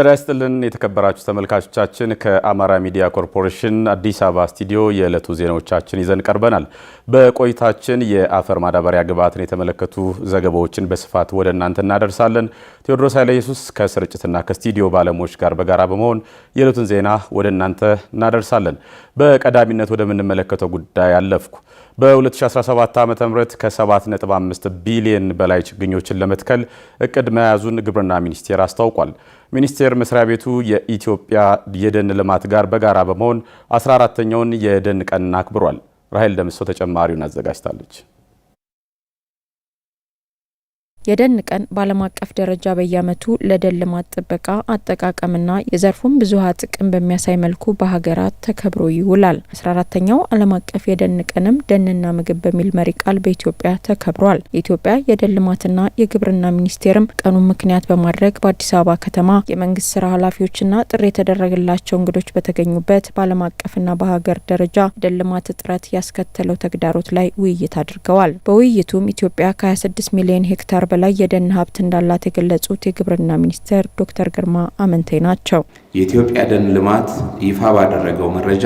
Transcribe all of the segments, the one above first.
ጤና ይስጥልን የተከበራችሁ ተመልካቾቻችን፣ ከአማራ ሚዲያ ኮርፖሬሽን አዲስ አበባ ስቱዲዮ የዕለቱ ዜናዎቻችን ይዘን ቀርበናል። በቆይታችን የአፈር ማዳበሪያ ግብዓትን የተመለከቱ ዘገባዎችን በስፋት ወደ እናንተ እናደርሳለን። ቴዎድሮስ ኃይለ ኢየሱስ ከስርጭትና ከስቱዲዮ ባለሙያዎች ጋር በጋራ በመሆን የዕለቱን ዜና ወደ እናንተ እናደርሳለን። በቀዳሚነት ወደምንመለከተው ጉዳይ አለፍኩ። በ2017 ዓ ም ከ7.5 ቢሊዮን በላይ ችግኞችን ለመትከል እቅድ መያዙን ግብርና ሚኒስቴር አስታውቋል። ሚኒስቴር መስሪያ ቤቱ የኢትዮጵያ የደን ልማት ጋር በጋራ በመሆን 14ተኛውን የደን ቀንን አክብሯል። ራሄል ደምሶ ተጨማሪውን አዘጋጅታለች። የደን ቀን በዓለም አቀፍ ደረጃ በየዓመቱ ለደን ልማት ጥበቃ አጠቃቀምና የዘርፉን ብዙሃ ጥቅም በሚያሳይ መልኩ በሀገራት ተከብሮ ይውላል አስራ 14ተኛው ዓለም አቀፍ የደን ቀንም ደንና ምግብ በሚል መሪ ቃል በኢትዮጵያ ተከብሯል። የኢትዮጵያ የደን ልማትና የግብርና ሚኒስቴርም ቀኑን ምክንያት በማድረግ በአዲስ አበባ ከተማ የመንግስት ስራ ኃላፊዎችና ጥሪ የተደረገላቸው እንግዶች በተገኙበት በዓለም አቀፍና በሀገር ደረጃ የደን ልማት እጥረት ያስከተለው ተግዳሮት ላይ ውይይት አድርገዋል። በውይይቱም ኢትዮጵያ ከ26 ሚሊዮን ሄክታር በላይ የደን ሀብት እንዳላት የገለጹት የግብርና ሚኒስትር ዶክተር ግርማ አመንቴ ናቸው። የኢትዮጵያ ደን ልማት ይፋ ባደረገው መረጃ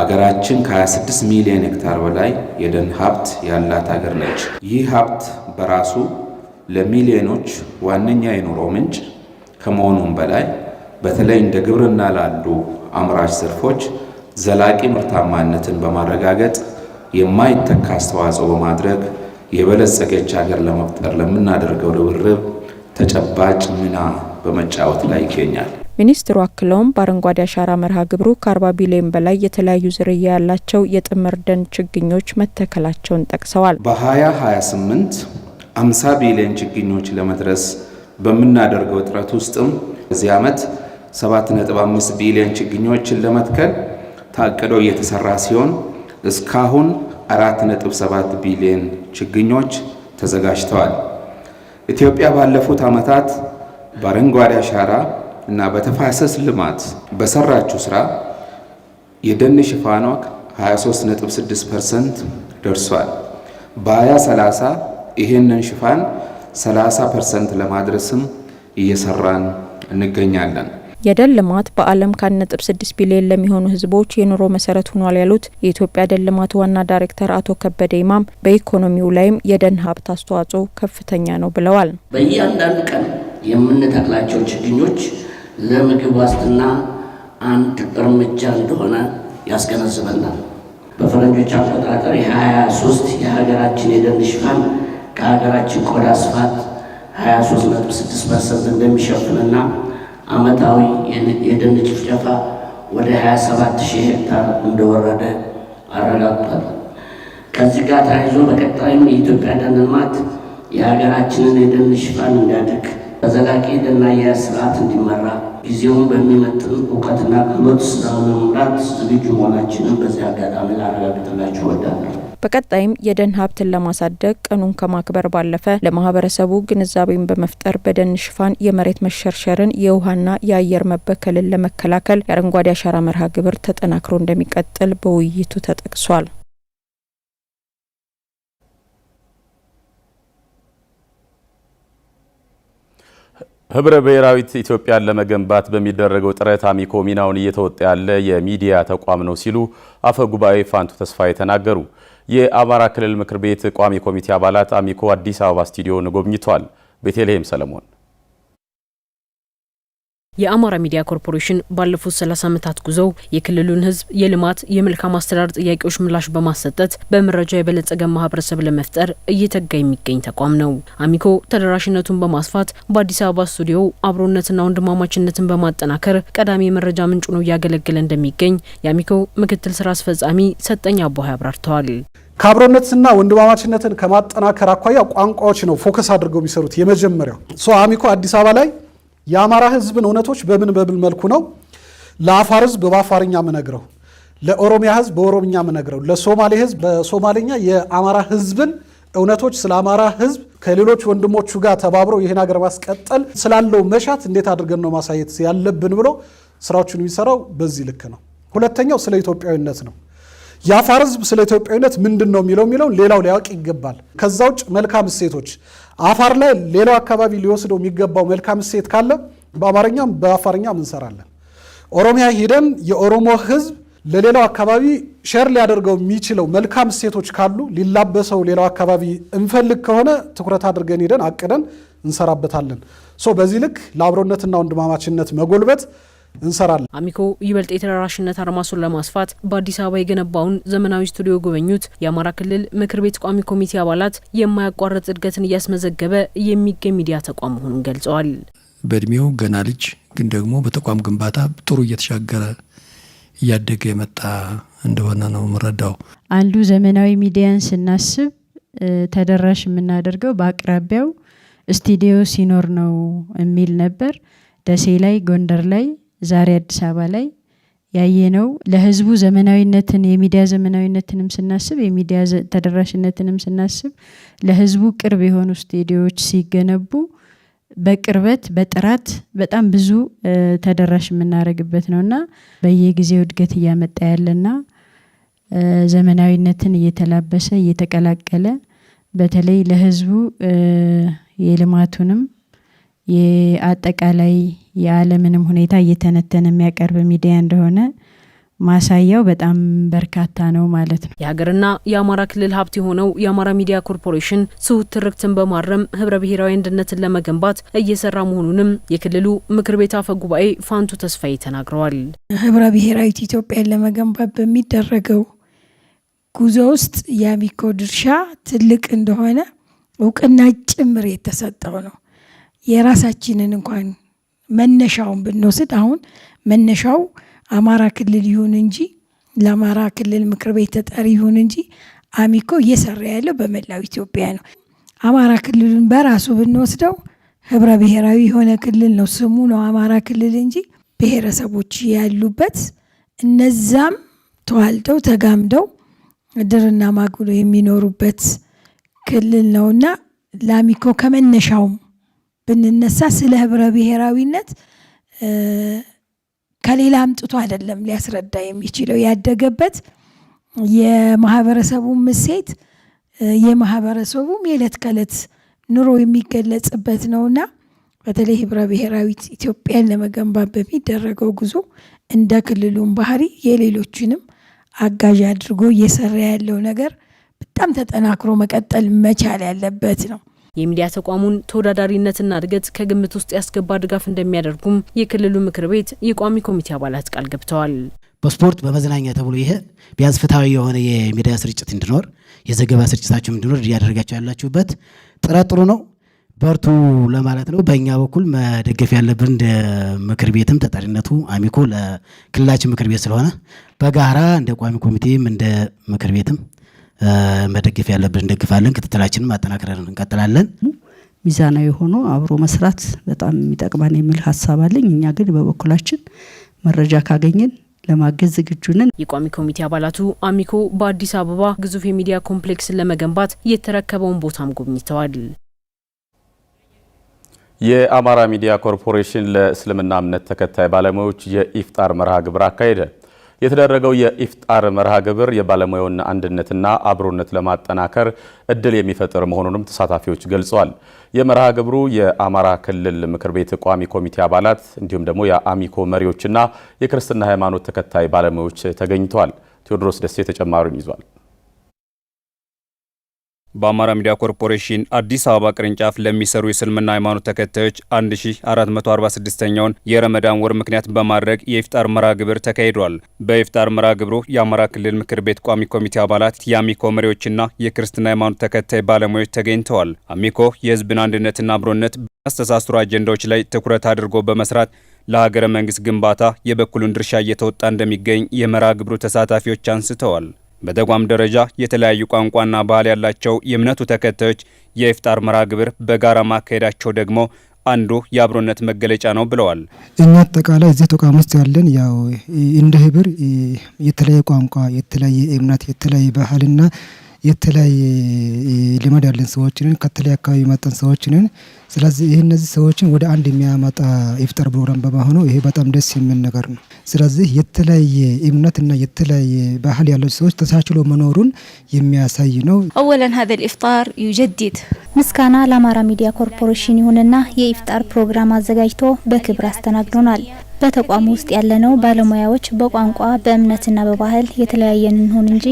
አገራችን ከ26 ሚሊዮን ሄክታር በላይ የደን ሀብት ያላት አገር ነች። ይህ ሀብት በራሱ ለሚሊዮኖች ዋነኛ የኑሮ ምንጭ ከመሆኑም በላይ በተለይ እንደ ግብርና ላሉ አምራች ዘርፎች ዘላቂ ምርታማነትን በማረጋገጥ የማይተካ አስተዋጽኦ በማድረግ የበለጸገች ሀገር ለመፍጠር ለምናደርገው ርብርብ ተጨባጭ ሚና በመጫወት ላይ ይገኛል። ሚኒስትሩ አክለውም በአረንጓዴ አሻራ መርሃ ግብሩ ከአርባ ቢሊዮን በላይ የተለያዩ ዝርያ ያላቸው የጥምር ደን ችግኞች መተከላቸውን ጠቅሰዋል። በ2028 50 ቢሊዮን ችግኞች ለመድረስ በምናደርገው ጥረት ውስጥም በዚህ ዓመት 7.5 ቢሊዮን ችግኞችን ለመትከል ታቅዶ እየተሰራ ሲሆን እስካሁን 4.7 ቢሊዮን ችግኞች ተዘጋጅተዋል። ኢትዮጵያ ባለፉት ዓመታት በአረንጓዴ አሻራ እና በተፋሰስ ልማት በሰራችው ስራ የደን ሽፋኗ 23.6% ደርሷል። በ2030 ይህንን ሽፋን 30% ለማድረስም እየሰራን እንገኛለን። የደን ልማት በዓለም ከ ነጥብ ስድስት ቢሊዮን ለሚሆኑ ህዝቦች የኑሮ መሰረት ሆኗል ያሉት የኢትዮጵያ ደን ልማት ዋና ዳይሬክተር አቶ ከበደ ይማም በኢኮኖሚው ላይም የደን ሀብት አስተዋጽኦ ከፍተኛ ነው ብለዋል። በእያንዳንዱ ቀን የምንተክላቸው ችግኞች ለምግብ ዋስትና አንድ እርምጃ እንደሆነ ያስገነዝበናል። በፈረንጆች አቆጣጠር የ23 የሀገራችን የደን ሽፋን ከሀገራችን ቆዳ ስፋት 23.6 ፐርሰንት እንደሚሸፍንና ዓመታዊ የደን ጭፍጨፋ ወደ 27 ሺህ ሄክታር እንደወረደ አረጋግጧል። ከዚህ ጋር ተያይዞ በቀጣይም የኢትዮጵያ ደን ልማት የሀገራችንን የደን ሽፋን እንዲያድግ በዘላቂ የደን አያያዝ ስርዓት እንዲመራ ጊዜውን በሚመጥን እውቀትና ክህሎት ስራውን ለመምራት ዝግጁ መሆናችንን በዚህ አጋጣሚ ላረጋግጥላችሁ እወዳለሁ። በቀጣይም የደን ሀብትን ለማሳደግ ቀኑን ከማክበር ባለፈ ለማህበረሰቡ ግንዛቤን በመፍጠር በደን ሽፋን የመሬት መሸርሸርን የውሃና የአየር መበከልን ለመከላከል የአረንጓዴ አሻራ መርሃ ግብር ተጠናክሮ እንደሚቀጥል በውይይቱ ተጠቅሷል። ህብረ ብሔራዊት ኢትዮጵያን ለመገንባት በሚደረገው ጥረት አሚኮ ሚናውን እየተወጣ ያለ የሚዲያ ተቋም ነው ሲሉ አፈ ጉባኤ ፋንቱ ተስፋዬ ተናገሩ። የአማራ ክልል ምክር ቤት ቋሚ ኮሚቴ አባላት አሚኮ አዲስ አበባ ስቱዲዮን ጎብኝቷል። ቤተልሔም ሰለሞን የአማራ ሚዲያ ኮርፖሬሽን ባለፉት ሰላሳ ዓመታት ጉዞው የክልሉን ህዝብ የልማት የመልካም አስተዳደር ጥያቄዎች ምላሽ በማሰጠት በመረጃ የበለጸገ ማህበረሰብ ለመፍጠር እየተጋ የሚገኝ ተቋም ነው። አሚኮ ተደራሽነቱን በማስፋት በአዲስ አበባ ስቱዲዮ አብሮነትና ወንድማማችነትን በማጠናከር ቀዳሚ የመረጃ ምንጭ ነው እያገለገለ እንደሚገኝ የአሚኮ ምክትል ስራ አስፈጻሚ ሰጠኝ አቦሀይ አብራርተዋል። ከአብሮነትና ወንድማማችነትን ከማጠናከር አኳያ ቋንቋዎች ነው ፎከስ አድርገው የሚሰሩት። የመጀመሪያው አሚኮ አዲስ አበባ ላይ የአማራ ህዝብን እውነቶች በምን በምን መልኩ ነው ለአፋር ህዝብ በአፋርኛ ምነግረው፣ ለኦሮሚያ ህዝብ በኦሮምኛ ምነግረው፣ ለሶማሌ ህዝብ በሶማሌኛ የአማራ ህዝብን እውነቶች ስለ አማራ ህዝብ ከሌሎች ወንድሞቹ ጋር ተባብረው ይህን ሀገር ማስቀጠል ስላለው መሻት እንዴት አድርገን ነው ማሳየት ያለብን ብሎ ስራዎቹን የሚሰራው በዚህ ልክ ነው። ሁለተኛው ስለ ኢትዮጵያዊነት ነው። የአፋር ህዝብ ስለ ኢትዮጵያዊነት ምንድን ነው የሚለው የሚለውን ሌላው ሊያውቅ ይገባል። ከዛ ውጭ መልካም እሴቶች አፋር ላይ ሌላው አካባቢ ሊወስደው የሚገባው መልካም እሴት ካለ በአማርኛም በአፋርኛም እንሰራለን። ኦሮሚያ ሂደን የኦሮሞ ህዝብ ለሌላው አካባቢ ሼር ሊያደርገው የሚችለው መልካም እሴቶች ካሉ ሊላበሰው ሌላው አካባቢ እንፈልግ ከሆነ ትኩረት አድርገን ሂደን አቅደን እንሰራበታለን። ሶ በዚህ ልክ ለአብሮነትና ወንድማማችነት መጎልበት እንሰራለን። አሚኮ ይበልጥ የተደራሽነት አድማሱን ለማስፋት በአዲስ አበባ የገነባውን ዘመናዊ ስቱዲዮ ጎበኙት። የአማራ ክልል ምክር ቤት ቋሚ ኮሚቴ አባላት የማያቋርጥ እድገትን እያስመዘገበ የሚገኝ ሚዲያ ተቋም መሆኑን ገልጸዋል። በእድሜው ገና ልጅ ግን ደግሞ በተቋም ግንባታ ጥሩ እየተሻገረ እያደገ የመጣ እንደሆነ ነው የምረዳው። አንዱ ዘመናዊ ሚዲያን ስናስብ ተደራሽ የምናደርገው በአቅራቢያው ስቱዲዮ ሲኖር ነው የሚል ነበር። ደሴ ላይ፣ ጎንደር ላይ ዛሬ አዲስ አበባ ላይ ያየ ነው ለህዝቡ ዘመናዊነትን የሚዲያ ዘመናዊነትንም ስናስብ የሚዲያ ተደራሽነትንም ስናስብ ለህዝቡ ቅርብ የሆኑ ስቱዲዮዎች ሲገነቡ በቅርበት በጥራት በጣም ብዙ ተደራሽ የምናደርግበት ነውና በየጊዜው እድገት እያመጣ ያለና ዘመናዊነትን እየተላበሰ እየተቀላቀለ በተለይ ለህዝቡ የልማቱንም የአጠቃላይ የዓለምንም ሁኔታ እየተነተነ የሚያቀርብ ሚዲያ እንደሆነ ማሳያው በጣም በርካታ ነው ማለት ነው። የሀገርና የአማራ ክልል ሀብት የሆነው የአማራ ሚዲያ ኮርፖሬሽን ትሑት ትርክትን በማረም ህብረ ብሔራዊ አንድነትን ለመገንባት እየሰራ መሆኑንም የክልሉ ምክር ቤት አፈ ጉባኤ ፋንቱ ተስፋዬ ተናግረዋል። ህብረ ብሔራዊት ኢትዮጵያን ለመገንባት በሚደረገው ጉዞ ውስጥ የአሚኮ ድርሻ ትልቅ እንደሆነ እውቅና ጭምር የተሰጠው ነው። የራሳችንን እንኳን መነሻውን ብንወስድ አሁን መነሻው አማራ ክልል ይሁን እንጂ ለአማራ ክልል ምክር ቤት ተጠሪ ይሁን እንጂ አሚኮ እየሰራ ያለው በመላው ኢትዮጵያ ነው። አማራ ክልሉን በራሱ ብንወስደው ህብረ ብሔራዊ የሆነ ክልል ነው። ስሙ ነው አማራ ክልል እንጂ ብሔረሰቦች ያሉበት እነዛም ተዋልደው ተጋምደው ድርና ማጉሎ የሚኖሩበት ክልል እና ለአሚኮ ከመነሻውም ብንነሳ ስለ ህብረ ብሔራዊነት ከሌላ አምጥቶ አይደለም ሊያስረዳ የሚችለው ያደገበት የማህበረሰቡ ምሴት የማህበረሰቡም የዕለት ከዕለት ኑሮ የሚገለጽበት ነውና በተለይ ህብረ ብሔራዊት ኢትዮጵያን ለመገንባት በሚደረገው ጉዞ እንደ ክልሉም ባህሪ የሌሎችንም አጋዥ አድርጎ እየሰራ ያለው ነገር በጣም ተጠናክሮ መቀጠል መቻል ያለበት ነው። የሚዲያ ተቋሙን ተወዳዳሪነትና እድገት ከግምት ውስጥ ያስገባ ድጋፍ እንደሚያደርጉም የክልሉ ምክር ቤት የቋሚ ኮሚቴ አባላት ቃል ገብተዋል። በስፖርት በመዝናኛ ተብሎ ይሄ ቢያንስ ፍትሐዊ የሆነ የሚዲያ ስርጭት እንዲኖር የዘገባ ስርጭታችሁም እንዲኖር እያደረጋቸው ያላችሁበት ጥረት ጥሩ ነው። በርቱ ለማለት ነው። በእኛ በኩል መደገፍ ያለብን እንደ ምክር ቤትም ተጠሪነቱ አሚኮ ለክልላችን ምክር ቤት ስለሆነ በጋራ እንደ ቋሚ ኮሚቴም እንደ ምክር ቤትም መደገፍ ያለብን እንደግፋለን። ክትትላችንም ማጠናክረን እንቀጥላለን። ሚዛናዊ ሆኖ አብሮ መስራት በጣም የሚጠቅማን የሚል ሀሳብ አለኝ። እኛ ግን በበኩላችን መረጃ ካገኘን ለማገዝ ዝግጁ ነን። የቋሚ ኮሚቴ አባላቱ አሚኮ በአዲስ አበባ ግዙፍ የሚዲያ ኮምፕሌክስን ለመገንባት የተረከበውን ቦታም ጎብኝተዋል። የአማራ ሚዲያ ኮርፖሬሽን ለእስልምና እምነት ተከታይ ባለሙያዎች የኢፍጣር መርሃ ግብር አካሄደ። የተደረገው የኢፍጣር መርሃ ግብር የባለሙያውን አንድነትና አብሮነት ለማጠናከር እድል የሚፈጥር መሆኑንም ተሳታፊዎች ገልጸዋል። የመርሃ ግብሩ የአማራ ክልል ምክር ቤት ቋሚ ኮሚቴ አባላት እንዲሁም ደግሞ የአሚኮ መሪዎችና የክርስትና ሃይማኖት ተከታይ ባለሙያዎች ተገኝተዋል። ቴዎድሮስ ደሴ ተጨማሪውን ይዟል። በአማራ ሚዲያ ኮርፖሬሽን አዲስ አበባ ቅርንጫፍ ለሚሰሩ የእስልምና ሃይማኖት ተከታዮች 1446ኛውን የረመዳን ወር ምክንያት በማድረግ የኢፍጣር መርሃ ግብር ተካሂዷል። በኢፍጣር መርሃ ግብሩ የአማራ ክልል ምክር ቤት ቋሚ ኮሚቴ አባላት፣ የአሚኮ መሪዎችና የክርስትና ሃይማኖት ተከታይ ባለሙያዎች ተገኝተዋል። አሚኮ የህዝብን አንድነትና አብሮነት በአስተሳስሩ አጀንዳዎች ላይ ትኩረት አድርጎ በመስራት ለሀገረ መንግስት ግንባታ የበኩሉን ድርሻ እየተወጣ እንደሚገኝ የመርሃ ግብሩ ተሳታፊዎች አንስተዋል። በተቋም ደረጃ የተለያዩ ቋንቋና ባህል ያላቸው የእምነቱ ተከታዮች የኢፍጣር መርሃ ግብር በጋራ ማካሄዳቸው ደግሞ አንዱ የአብሮነት መገለጫ ነው ብለዋል። እኛ አጠቃላይ እዚህ ተቋም ውስጥ ያለን ያው እንደ ህብር የተለያየ ቋንቋ፣ የተለያየ እምነት፣ የተለያየ ባህልና የተለያየ ልማድ ያለን ሰዎችንን ከተለያየ አካባቢ የመጣን ሰዎችንን ስለዚህ ይህ እነዚህ ሰዎችን ወደ አንድ የሚያመጣ ኢፍጣር ፕሮግራም በመሆኑ ይሄ በጣም ደስ የሚል ነገር ነው። ስለዚህ የተለያየ እምነትና የተለያየ ባህል ያለች ሰዎች ተቻችሎ መኖሩን የሚያሳይ ነው። አወለን ሀዘ ልኢፍጣር ዩጀዲድ ምስጋና ለአማራ ሚዲያ ኮርፖሬሽን ይሁንና የኢፍጣር ፕሮግራም አዘጋጅቶ በክብር አስተናግዶናል። በተቋም ውስጥ ያለነው ባለሙያዎች በቋንቋ በእምነትና በባህል የተለያየን እንሆን እንጂ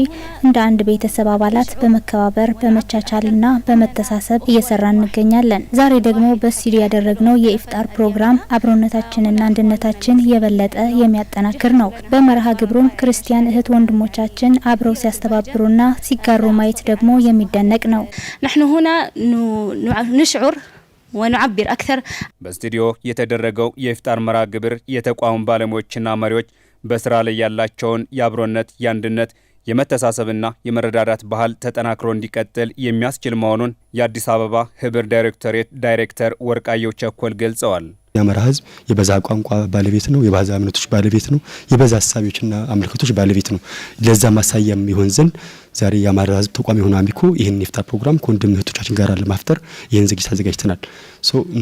እንደ አንድ ቤተሰብ አባላት በመከባበር በመቻቻልና በመተሳሰብ እየሰራ እንገኛለን። ዛሬ ደግሞ በስቱዲዮ ያደረግነው የኢፍጣር ፕሮግራም አብሮነታችንና አንድነታችን የበለጠ የሚያጠናክር ነው። በመርሃ ግብሩም ክርስቲያን እህት ወንድሞቻችን አብረው ሲያስተባብሩና ሲጋሩ ማየት ደግሞ የሚደነቅ ነው። ናሕኑ ሁና ንሽዑር ወኑዓቢር አክተር በስቱዲዮ የተደረገው የኢፍጣር መርሃ ግብር የተቋሙ ባለሙያዎችና መሪዎች በስራ ላይ ያላቸውን የአብሮነት፣ የአንድነት፣ የመተሳሰብና የመረዳዳት ባህል ተጠናክሮ እንዲቀጥል የሚያስችል መሆኑን የአዲስ አበባ ህብር ዳይሬክቶሬት ዳይሬክተር ወርቃየው ቸኮል ገልጸዋል። የአማራ ህዝብ የበዛ ቋንቋ ባለቤት ነው። የባዛ እምነቶች ባለቤት ነው። የበዛ ሀሳቢዎችና አመልከቶች ባለቤት ነው። ለዛ ማሳያ የሚሆን ዘንድ ዛሬ የአማራ ሕዝብ ተቋም የሆነ አሚኮ ይህን የፍጣር ፕሮግራም ከወንድም እህቶቻችን ጋር ለማፍጠር ይህን ዝግጅት አዘጋጅተናል።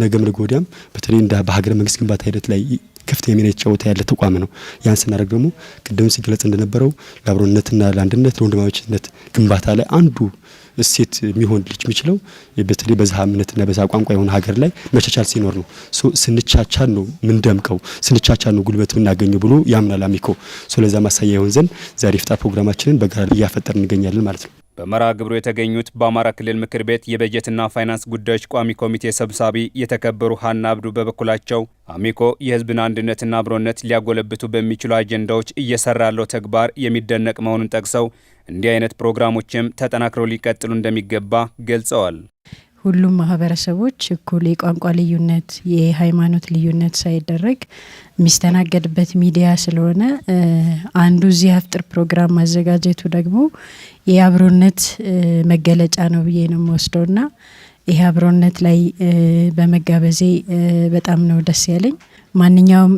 ነገም ነገ ወዲያም በተለይ እንደ በሀገረ መንግስት ግንባታ ሂደት ላይ ከፍተኛ ሚና የተጫወተ ያለ ተቋም ነው። ያን ስናደርግ ደግሞ ቅድም ሲገለጽ እንደነበረው ለአብሮነትና ለአንድነት ለወንድማማችነት ግንባታ ላይ አንዱ እሴት የሚሆን ልጅ የሚችለው በተለይ በዛ እምነትና በዛ ቋንቋ የሆነ ሀገር ላይ መቻቻል ሲኖር ነው። ስንቻቻል ነው ምንደምቀው፣ ስንቻቻል ነው ጉልበት የምናገኘው ብሎ ያምናል አሚኮ። ስለዛ ማሳያ ይሆን ዘንድ ዛሬ የፍጣር ፕሮግራማችንን በጋራ እያፈጠር እንገኛለን ማለት ነው። በመርሃ ግብሩ የተገኙት በአማራ ክልል ምክር ቤት የበጀትና ፋይናንስ ጉዳዮች ቋሚ ኮሚቴ ሰብሳቢ የተከበሩ ሀና አብዱ በበኩላቸው አሚኮ የሕዝብን አንድነትና አብሮነት ሊያጎለብቱ በሚችሉ አጀንዳዎች እየሰራ ያለው ተግባር የሚደነቅ መሆኑን ጠቅሰው እንዲህ አይነት ፕሮግራሞችም ተጠናክረው ሊቀጥሉ እንደሚገባ ገልጸዋል። ሁሉም ማህበረሰቦች እኩል የቋንቋ ልዩነት፣ የሃይማኖት ልዩነት ሳይደረግ የሚስተናገድበት ሚዲያ ስለሆነ አንዱ እዚህ አፍጥር ፕሮግራም ማዘጋጀቱ ደግሞ የአብሮነት መገለጫ ነው ብዬ ነው የምወስደውና ይህ አብሮነት ላይ በመጋበዜ በጣም ነው ደስ ያለኝ። ማንኛውም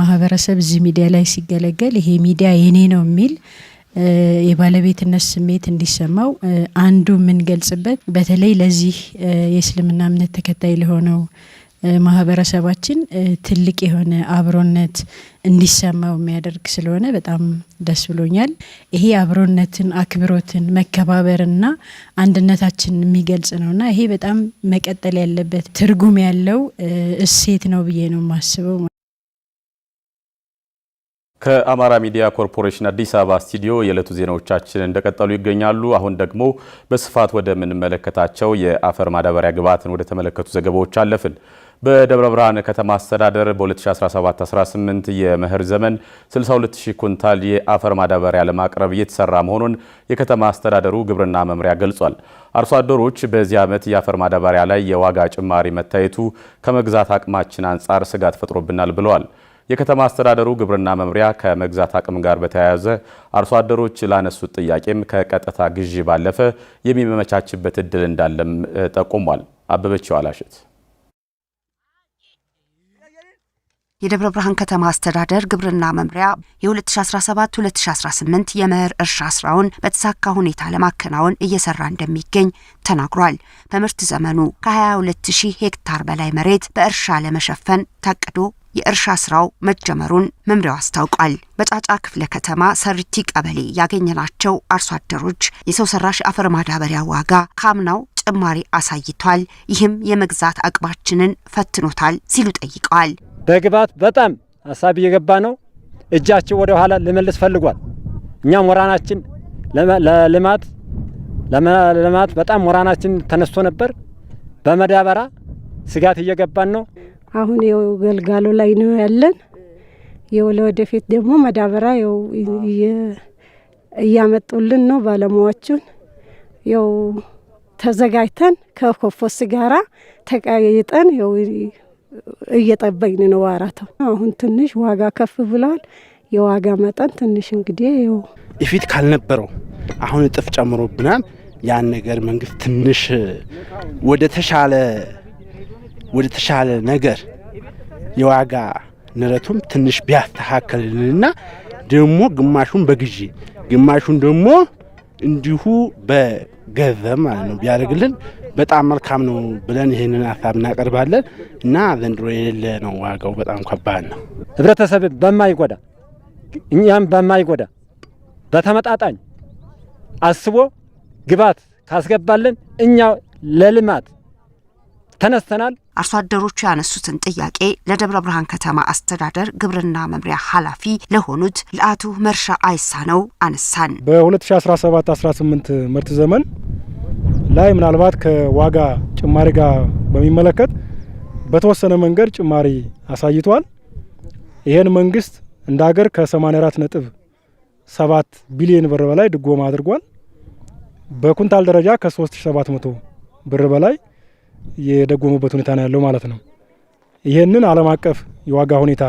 ማህበረሰብ እዚህ ሚዲያ ላይ ሲገለገል ይሄ ሚዲያ የኔ ነው የሚል የባለቤትነት ስሜት እንዲሰማው አንዱ የምንገልጽበት በተለይ ለዚህ የእስልምና እምነት ተከታይ ለሆነው ማህበረሰባችን ትልቅ የሆነ አብሮነት እንዲሰማው የሚያደርግ ስለሆነ በጣም ደስ ብሎኛል። ይሄ አብሮነትን፣ አክብሮትን፣ መከባበርና አንድነታችን የሚገልጽ ነውና ይሄ በጣም መቀጠል ያለበት ትርጉም ያለው እሴት ነው ብዬ ነው የማስበው። ከአማራ ሚዲያ ኮርፖሬሽን አዲስ አበባ ስቱዲዮ የዕለቱ ዜናዎቻችን እንደቀጠሉ ይገኛሉ። አሁን ደግሞ በስፋት ወደምንመለከታቸው የአፈር ማዳበሪያ ግብዓትን ወደ ተመለከቱ ዘገባዎች አለፍን። በደብረ ብርሃን ከተማ አስተዳደር በ2017/18 የመኸር ዘመን 62000 ኩንታል የአፈር ማዳበሪያ ለማቅረብ እየተሰራ መሆኑን የከተማ አስተዳደሩ ግብርና መምሪያ ገልጿል። አርሶ አደሮች በዚህ ዓመት የአፈር ማዳበሪያ ላይ የዋጋ ጭማሪ መታየቱ ከመግዛት አቅማችን አንጻር ስጋት ፈጥሮብናል ብለዋል። የከተማ አስተዳደሩ ግብርና መምሪያ ከመግዛት አቅም ጋር በተያያዘ አርሶ አደሮች ላነሱት ጥያቄም ከቀጥታ ግዢ ባለፈ የሚመቻችበት እድል እንዳለም ጠቁሟል። አበበችው አላሸት የደብረ ብርሃን ከተማ አስተዳደር ግብርና መምሪያ የ2017-2018 የመኸር እርሻ ስራውን በተሳካ ሁኔታ ለማከናወን እየሰራ እንደሚገኝ ተናግሯል። በምርት ዘመኑ ከ22000 ሄክታር በላይ መሬት በእርሻ ለመሸፈን ታቅዶ የእርሻ ስራው መጀመሩን መምሪያው አስታውቋል። በጫጫ ክፍለ ከተማ ሰርቲ ቀበሌ ያገኘናቸው አርሶ አደሮች የሰው ሰራሽ አፈር ማዳበሪያ ዋጋ ካምናው ጭማሪ አሳይቷል፣ ይህም የመግዛት አቅማችንን ፈትኖታል ሲሉ ጠይቀዋል። በግብዓት በጣም ሀሳብ እየገባ ነው። እጃችን ወደ ኋላ ልመልስ ፈልጓል። እኛም ወራናችን ለልማት ለልማት በጣም ወራናችን ተነስቶ ነበር። በመዳበራ ስጋት እየገባን ነው። አሁን የው ገልጋሎ ላይ ነው ያለን። የው ለወደፊት ደግሞ መዳበራ የው እያመጡልን ነው ባለሙያዎቹን። የው ተዘጋጅተን ከኮፎስ ጋራ ተቀያይጠን የው እየጠበቅን ነው ዋራተው። አሁን ትንሽ ዋጋ ከፍ ብለዋል። የዋጋ መጠን ትንሽ እንግዲህ ይው ፊት ካልነበረው አሁን እጥፍ ጨምሮብናል። ያን ነገር መንግስት ትንሽ ወደ ተሻለ ወደ ተሻለ ነገር የዋጋ ንረቱም ትንሽ ቢያስተካከልልንና ደግሞ ግማሹን በግዢ ግማሹን ደግሞ እንዲሁ በገንዘብ ማለት ነው ቢያደርግልን በጣም መልካም ነው ብለን ይህንን ሀሳብ እናቀርባለን እና ዘንድሮ የሌለ ነው ዋጋው በጣም ከባድ ነው። ህብረተሰብ በማይጎዳ እኛም በማይጎዳ በተመጣጣኝ አስቦ ግብዓት ካስገባልን እኛ ለልማት ተነስተናል። አርሶ አደሮቹ ያነሱትን ጥያቄ ለደብረ ብርሃን ከተማ አስተዳደር ግብርና መምሪያ ኃላፊ ለሆኑት ለአቶ መርሻ አይሳ ነው አነሳን። በ2017/18 ምርት ዘመን ላይ ምናልባት ከዋጋ ጭማሪ ጋር በሚመለከት በተወሰነ መንገድ ጭማሪ አሳይቷል። ይህን መንግስት እንደ ሀገር ከ84 ነጥብ 7 ቢሊዮን ብር በላይ ድጎማ አድርጓል። በኩንታል ደረጃ ከ3700 ብር በላይ የደጎሙበት ሁኔታ ነው ያለው ማለት ነው። ይህንን ዓለም አቀፍ የዋጋ ሁኔታ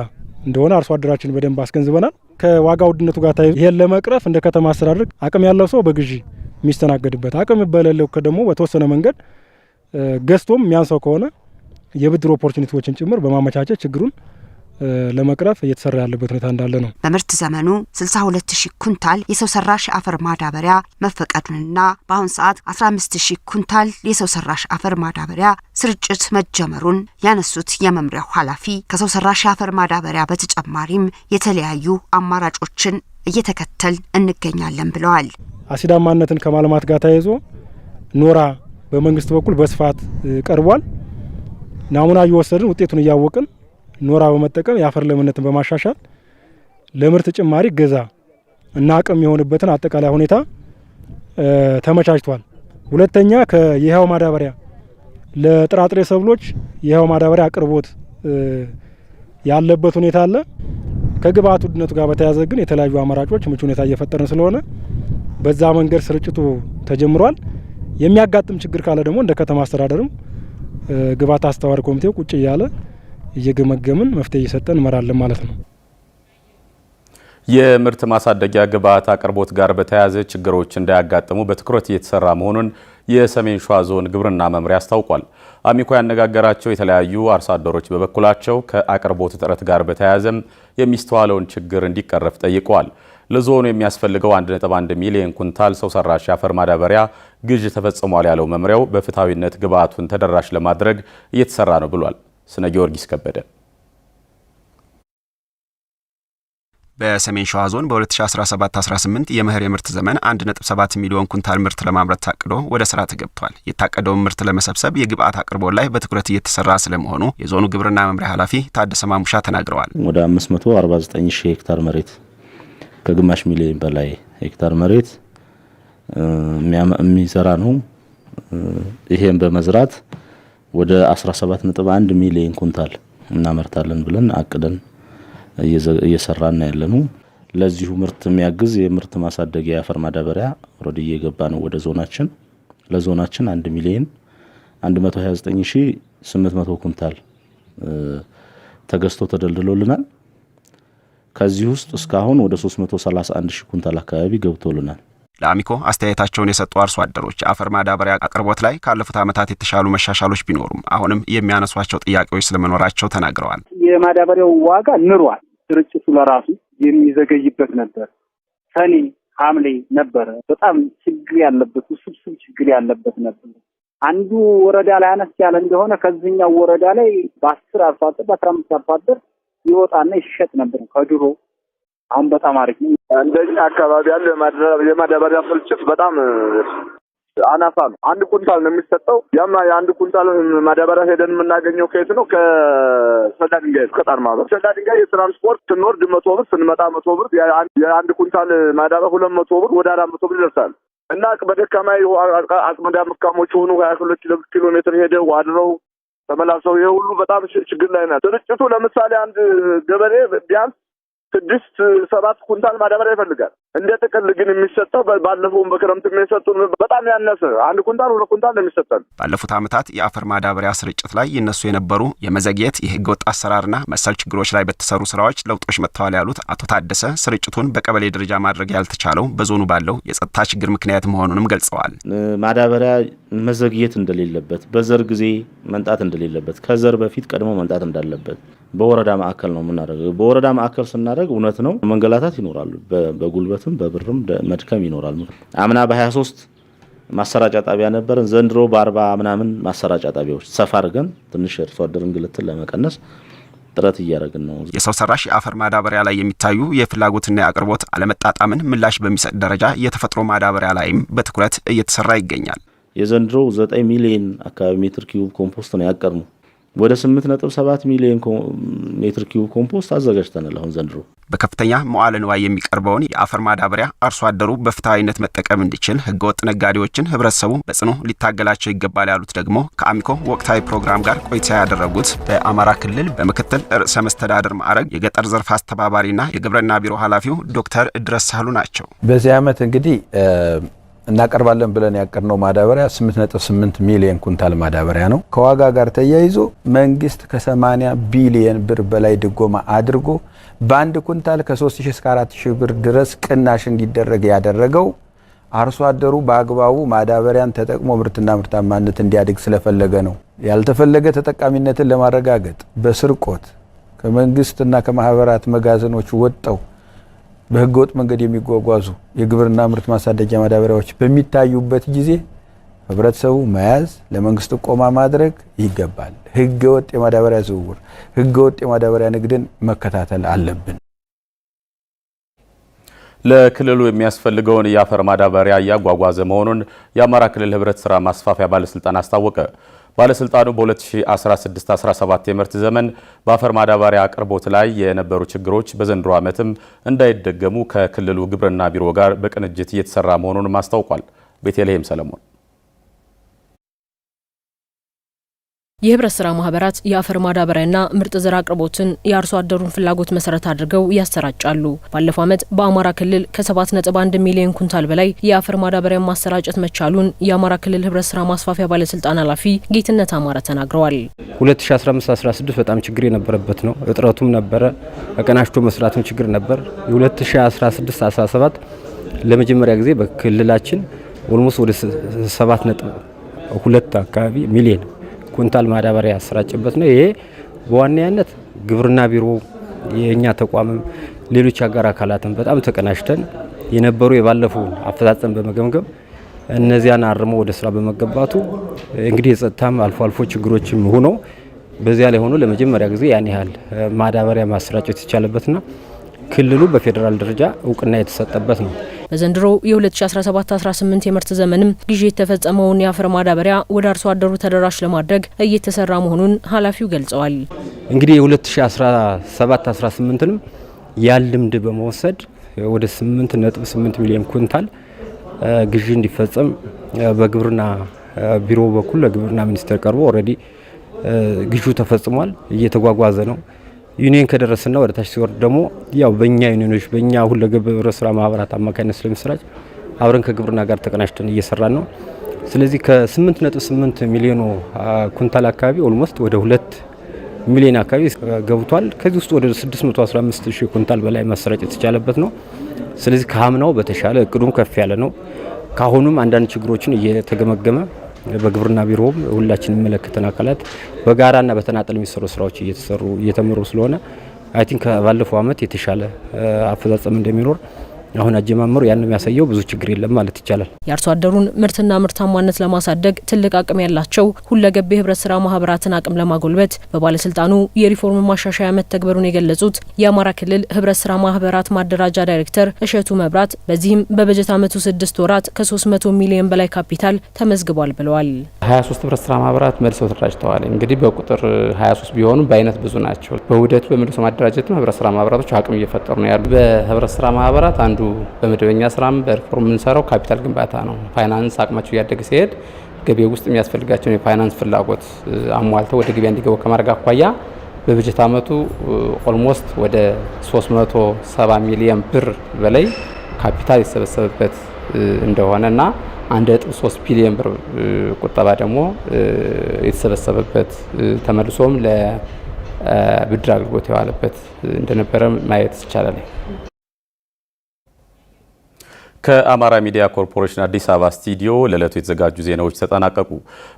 እንደሆነ አርሶ አደራችን በደንብ አስገንዝበናል። ከዋጋ ውድነቱ ጋር ታይ ይህን ለመቅረፍ እንደ ከተማ አስተዳደር አቅም ያለው ሰው በግዢ የሚስተናገድበት፣ አቅም በሌለው ደግሞ በተወሰነ መንገድ ገዝቶም የሚያንሰው ከሆነ የብድር ኦፖርቹኒቲዎችን ጭምር በማመቻቸት ችግሩን ለመቅረፍ እየተሰራ ያለበት ሁኔታ እንዳለ ነው። በምርት ዘመኑ 62 ሺህ ኩንታል የሰው ሰራሽ አፈር ማዳበሪያ መፈቀዱንና በአሁን ሰዓት 15 ሺህ ኩንታል የሰው ሰራሽ አፈር ማዳበሪያ ስርጭት መጀመሩን ያነሱት የመምሪያው ኃላፊ ከሰው ሰራሽ አፈር ማዳበሪያ በተጨማሪም የተለያዩ አማራጮችን እየተከተል እንገኛለን ብለዋል። አሲዳማነትን ከማልማት ጋር ተያይዞ ኖራ በመንግስት በኩል በስፋት ቀርቧል። ናሙና እየወሰድን ውጤቱን እያወቅን ኖራ በመጠቀም የአፈር ለምነትን በማሻሻል ለምርት ጭማሪ ገዛ እና አቅም የሆንበትን አጠቃላይ ሁኔታ ተመቻችቷል። ሁለተኛ ከይኸው ማዳበሪያ ለጥራጥሬ ሰብሎች ይኸው ማዳበሪያ አቅርቦት ያለበት ሁኔታ አለ። ከግብአት ውድነቱ ጋር በተያያዘ ግን የተለያዩ አማራጮች ምቹ ሁኔታ እየፈጠርን ስለሆነ በዛ መንገድ ስርጭቱ ተጀምሯል። የሚያጋጥም ችግር ካለ ደግሞ እንደ ከተማ አስተዳደርም ግብአት አስተዋሪ ኮሚቴው ቁጭ እያለ እየገመገምን መፍትሄ እየሰጠን እንመራለን ማለት ነው። የምርት ማሳደጊያ ግብዓት አቅርቦት ጋር በተያያዘ ችግሮች እንዳያጋጥሙ በትኩረት እየተሰራ መሆኑን የሰሜን ሸዋ ዞን ግብርና መምሪያ አስታውቋል። አሚኮ ያነጋገራቸው የተለያዩ አርሶ አደሮች በበኩላቸው ከአቅርቦት እጥረት ጋር በተያያዘም የሚስተዋለውን ችግር እንዲቀረፍ ጠይቀዋል። ለዞኑ የሚያስፈልገው 1.1 ሚሊዮን ኩንታል ሰው ሰራሽ የአፈር ማዳበሪያ ግዥ ተፈጽሟል ያለው መምሪያው በፍትሐዊነት ግብዓቱን ተደራሽ ለማድረግ እየተሰራ ነው ብሏል። ስነ ጊዮርጊስ ከበደ በሰሜን ሸዋ ዞን በ2017-18 የመኸር የምርት ዘመን 1.7 ሚሊዮን ኩንታል ምርት ለማምረት ታቅዶ ወደ ስራ ተገብቷል። የታቀደውን ምርት ለመሰብሰብ የግብአት አቅርቦት ላይ በትኩረት እየተሰራ ስለመሆኑ የዞኑ ግብርና መምሪያ ኃላፊ ታደሰ ማሙሻ ተናግረዋል። ወደ 549 ሺህ ሄክታር መሬት ከግማሽ ሚሊዮን በላይ ሄክታር መሬት የሚዘራ ነው። ይሄን በመዝራት ወደ 17.1 ሚሊዮን ኩንታል እናመርታለን ብለን አቅደን እየሰራን ያለነው። ለዚሁ ምርት የሚያግዝ የምርት ማሳደጊያ የአፈር ማዳበሪያ ኦልሬዲ እየገባ ነው ወደ ዞናችን። ለዞናችን 1 ሚሊዮን 129800 ኩንታል ተገዝቶ ተደልድሎልናል። ከዚህ ውስጥ እስካሁን ወደ 331 ሺህ ኩንታል አካባቢ ገብቶልናል። ለአሚኮ አስተያየታቸውን የሰጡ አርሶ አደሮች አፈር ማዳበሪያ አቅርቦት ላይ ካለፉት ዓመታት የተሻሉ መሻሻሎች ቢኖሩም አሁንም የሚያነሷቸው ጥያቄዎች ስለመኖራቸው ተናግረዋል። የማዳበሪያው ዋጋ ንሯል። ድርጭቱ ለራሱ የሚዘገይበት ነበር። ሰኔ ሐምሌ ነበረ። በጣም ችግር ያለበት ውስብስብ ችግር ያለበት ነበር። አንዱ ወረዳ ላይ አነስ ያለ እንደሆነ ከዚህኛው ወረዳ ላይ በአስር አርሶ አደር በአስራ አምስት አርሶ አደር ይወጣና ይሸጥ ነበር ከድሮ አሁን በጣም አሪፍ ነው። እንደኛ አካባቢ ያለው የማዳበሪያ ስርጭት በጣም አናሳ ነው። አንድ ኩንታል ነው የሚሰጠው። ያም የአንድ ኩንታል ማዳበሪያ ሄደን የምናገኘው ከየት ነው? ከሰዳ ድንጋይ ከጣር ማህበር ሰዳ ድንጋይ የትራንስፖርት ስንወርድ መቶ ብር ስንመጣ መቶ ብር፣ የአንድ ኩንታል ማዳበሪያ ሁለት መቶ ብር ወደ አራት መቶ ብር ይደርሳል። እና በደካማ አቅመዳ አቅመ ደካሞች የሆኑ ሀያ ሁለት ኪሎ ሜትር ሄደው አድረው ተመላሰው ይሄ ሁሉ በጣም ችግር ላይ ናት። ስርጭቱ ለምሳሌ አንድ ገበሬ ቢያንስ ስድስት ሰባት ኩንታል ማዳበሪያ ይፈልጋል። እንደ ጥቅል ግን የሚሰጠው ባለፈውን በክረምት የሚሰጡን በጣም ያነሰ አንድ ኩንታል ሁለት ኩንታል ነው የሚሰጠን። ባለፉት ዓመታት የአፈር ማዳበሪያ ስርጭት ላይ ይነሱ የነበሩ የመዘግየት የህገወጥ አሰራርና መሰል ችግሮች ላይ በተሰሩ ስራዎች ለውጦች መጥተዋል ያሉት አቶ ታደሰ ስርጭቱን በቀበሌ ደረጃ ማድረግ ያልተቻለው በዞኑ ባለው የጸጥታ ችግር ምክንያት መሆኑንም ገልጸዋል። ማዳበሪያ መዘግየት እንደሌለበት፣ በዘር ጊዜ መንጣት እንደሌለበት፣ ከዘር በፊት ቀድሞ መንጣት እንዳለበት በወረዳ ማዕከል ነው የምናደርገው። በወረዳ ማዕከል ስናደርግ እውነት ነው መንገላታት ይኖራሉ በጉልበት በጉልበትም በብርም መድከም ይኖራል። አምና በ23 ማሰራጫ ጣቢያ ነበር። ዘንድሮ በአርባ ምናምን ማሰራጫ ጣቢያዎች ሰፋር አድርገን ትንሽ አርሶ አደር እንግልትን ለመቀነስ ጥረት እያደረግን ነው። የሰው ሰራሽ የአፈር ማዳበሪያ ላይ የሚታዩ የፍላጎትና የአቅርቦት አለመጣጣምን ምላሽ በሚሰጥ ደረጃ የተፈጥሮ ማዳበሪያ ላይም በትኩረት እየተሰራ ይገኛል። የዘንድሮ 9 ሚሊዮን አካባቢ ሜትር ኪዩብ ኮምፖስት ነው ያቀርነው። ወደ 8.7 ሚሊዮን ሜትር ኪዩብ ኮምፖስት አዘጋጅተናል። አሁን ዘንድሮ በከፍተኛ መዋለ ንዋይ የሚቀርበውን የአፈር ማዳበሪያ አርሶ አደሩ በፍትሐዊነት መጠቀም እንዲችል ህገወጥ ነጋዴዎችን ህብረተሰቡ በጽኑ ሊታገላቸው ይገባል ያሉት ደግሞ ከአሚኮ ወቅታዊ ፕሮግራም ጋር ቆይታ ያደረጉት በአማራ ክልል በምክትል ርዕሰ መስተዳድር ማዕረግ የገጠር ዘርፍ አስተባባሪና የግብርና ቢሮ ኃላፊው ዶክተር ድረስ ሳህሉ ናቸው። በዚህ ዓመት እንግዲህ እናቀርባለን ብለን ያቀድነው ማዳበሪያ 8.8 ሚሊየን ኩንታል ማዳበሪያ ነው። ከዋጋ ጋር ተያይዞ መንግስት ከ80 ቢሊየን ብር በላይ ድጎማ አድርጎ በአንድ ኩንታል ከ3000 እስከ 4000 ብር ድረስ ቅናሽ እንዲደረግ ያደረገው አርሶ አደሩ በአግባቡ ማዳበሪያን ተጠቅሞ ምርትና ምርታማነት እንዲያድግ ስለፈለገ ነው። ያልተፈለገ ተጠቃሚነትን ለማረጋገጥ በስርቆት ከመንግስትና ከማህበራት መጋዘኖች ወጠው በህገወጥ መንገድ የሚጓጓዙ የግብርና ምርት ማሳደጊያ ማዳበሪያዎች በሚታዩበት ጊዜ ህብረተሰቡ መያዝ፣ ለመንግስት ቆማ ማድረግ ይገባል። ህገወጥ የማዳበሪያ ዝውውር፣ ህገወጥ የማዳበሪያ ንግድን መከታተል አለብን። ለክልሉ የሚያስፈልገውን የአፈር ማዳበሪያ እያጓጓዘ መሆኑን የአማራ ክልል ህብረት ስራ ማስፋፊያ ባለስልጣን አስታወቀ። ባለስልጣኑ በ2016-17 የምርት ዘመን በአፈር ማዳበሪያ አቅርቦት ላይ የነበሩ ችግሮች በዘንድሮ ዓመትም እንዳይደገሙ ከክልሉ ግብርና ቢሮ ጋር በቅንጅት እየተሰራ መሆኑን አስታውቋል። ቤተልሔም ሰለሞን የህብረት ስራ ማህበራት የአፈር ማዳበሪያና ምርጥ ዘር አቅርቦትን የአርሶ አደሩን ፍላጎት መሰረት አድርገው ያሰራጫሉ። ባለፈው ዓመት በአማራ ክልል ከ7.1 ሚሊዮን ኩንታል በላይ የአፈር ማዳበሪያን ማሰራጨት መቻሉን የአማራ ክልል ህብረት ስራ ማስፋፊያ ባለስልጣን ኃላፊ ጌትነት አማረ ተናግረዋል። 2015/16 በጣም ችግር የነበረበት ነው። እጥረቱም ነበረ። አቀናጅቶ መስራትም ችግር ነበር። የ2016/17 ለመጀመሪያ ጊዜ በክልላችን ኦልሞስት ወደ 7.2 አካባቢ ሚሊዮን ኩንታል ማዳበሪያ ያሰራጭበት ነው። ይሄ በዋናነት ግብርና ቢሮ የእኛ ተቋምም ሌሎች አጋር አካላትን በጣም ተቀናጅተን የነበሩ የባለፉ አፈጻጸም በመገምገም እነዚያን አርሞ ወደ ስራ በመገባቱ እንግዲህ የጸጥታም አልፎ አልፎ ችግሮችም ሆኖ በዚያ ላይ ሆኖ ለመጀመሪያ ጊዜ ያን ያህል ማዳበሪያ ማሰራጨት የቻለበትና ክልሉ በፌዴራል ደረጃ እውቅና የተሰጠበት ነው። በዘንድሮ የ2017-18 የምርት ዘመንም ግዢ የተፈጸመውን የአፈር ማዳበሪያ ወደ አርሶ አደሩ ተደራሽ ለማድረግ እየተሰራ መሆኑን ኃላፊው ገልጸዋል። እንግዲህ የ2017-18ንም ያን ልምድ በመወሰድ ወደ 8.8 ሚሊዮን ኩንታል ግዢ እንዲፈጸም በግብርና ቢሮ በኩል ለግብርና ሚኒስቴር ቀርቦ ኦልሬዲ ግዢው ተፈጽሟል። እየተጓጓዘ ነው። ዩኒየን ከደረስና ወደ ታች ሲወርድ ደግሞ ያው በእኛ ዩኒየኖች በእኛ ሁለገብ ህብረት ስራ ማህበራት አማካኝነት ስለሚሰራጭ አብረን ከግብርና ጋር ተቀናጅተን እየሰራን ነው። ስለዚህ ከ8.8 ሚሊዮን ኩንታል አካባቢ ኦልሞስት ወደ ሁለት ሚሊዮን አካባቢ ገብቷል። ከዚህ ውስጥ ወደ 615 ሺህ ኩንታል በላይ ማሰራጨት የተቻለበት ነው። ስለዚህ ከአምናው በተሻለ እቅዱም ከፍ ያለ ነው። ካሁኑም አንዳንድ ችግሮችን እየተገመገመ በግብርና ቢሮም ሁላችን የሚመለከተን አካላት በጋራና በተናጠል የሚሰሩ ስራዎች እየተሰሩ እየተመሩ ስለሆነ አይ ቲንክ ባለፈው አመት የተሻለ አፈጻጸም እንደሚኖር አሁን አጀማመሩ ያን የሚያሳየው ብዙ ችግር የለም ማለት ይቻላል። የአርሶ አደሩን ምርትና ምርታማነት ለማሳደግ ትልቅ አቅም ያላቸው ሁለገብ የህብረት ስራ ማህበራትን አቅም ለማጎልበት በባለስልጣኑ የሪፎርም ማሻሻያ መተግበሩን የገለጹት የአማራ ክልል ህብረት ስራ ማህበራት ማደራጃ ዳይሬክተር እሸቱ መብራት፣ በዚህም በበጀት አመቱ ስድስት ወራት ከ300 ሚሊዮን በላይ ካፒታል ተመዝግቧል ብለዋል። 23 ህብረት ስራ ማህበራት መልሰው ተደራጅተዋል። እንግዲህ በቁጥር 23 ቢሆኑም በአይነት ብዙ ናቸው። በውህደቱ በመልሶ ማደራጀትም ህብረት ስራ ማህበራቶች አቅም እየፈጠሩ ነው ያሉ በህብረት ስራ ማህበራት አንዱ አንዱ በመደበኛ ስራም በሪፎርም የምንሰራው ካፒታል ግንባታ ነው። ፋይናንስ አቅማቸው እያደገ ሲሄድ ገቢ ውስጥ የሚያስፈልጋቸውን የፋይናንስ ፍላጎት አሟልተው ወደ ገቢያ እንዲገቡ ከማድረግ አኳያ በበጀት ዓመቱ ኦልሞስት ወደ 370 ሚሊዮን ብር በላይ ካፒታል የተሰበሰበበት እንደሆነ እና አንድ 3 ቢሊዮን ብር ቁጠባ ደግሞ የተሰበሰበበት ተመልሶም ለብድር አገልግሎት የዋለበት እንደነበረ ማየት ይቻላል። ከአማራ ሚዲያ ኮርፖሬሽን አዲስ አበባ ስቱዲዮ ለዕለቱ የተዘጋጁ ዜናዎች ተጠናቀቁ።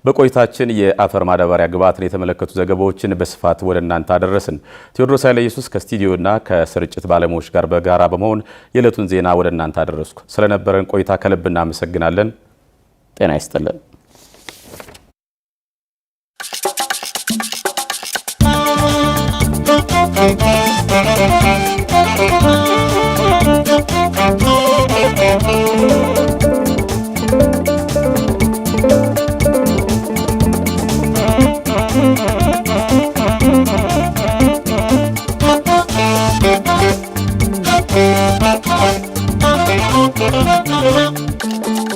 በቆይታችን የአፈር ማዳበሪያ ግብዓትን የተመለከቱ ዘገባዎችን በስፋት ወደ እናንተ አደረስን። ቴዎድሮስ ኃይለ ኢየሱስ ከስቱዲዮና ከስርጭት ባለሙያዎች ጋር በጋራ በመሆን የዕለቱን ዜና ወደ እናንተ አደረስኩ። ስለነበረን ቆይታ ከልብ እናመሰግናለን። ጤና ይስጥልን። Thank you.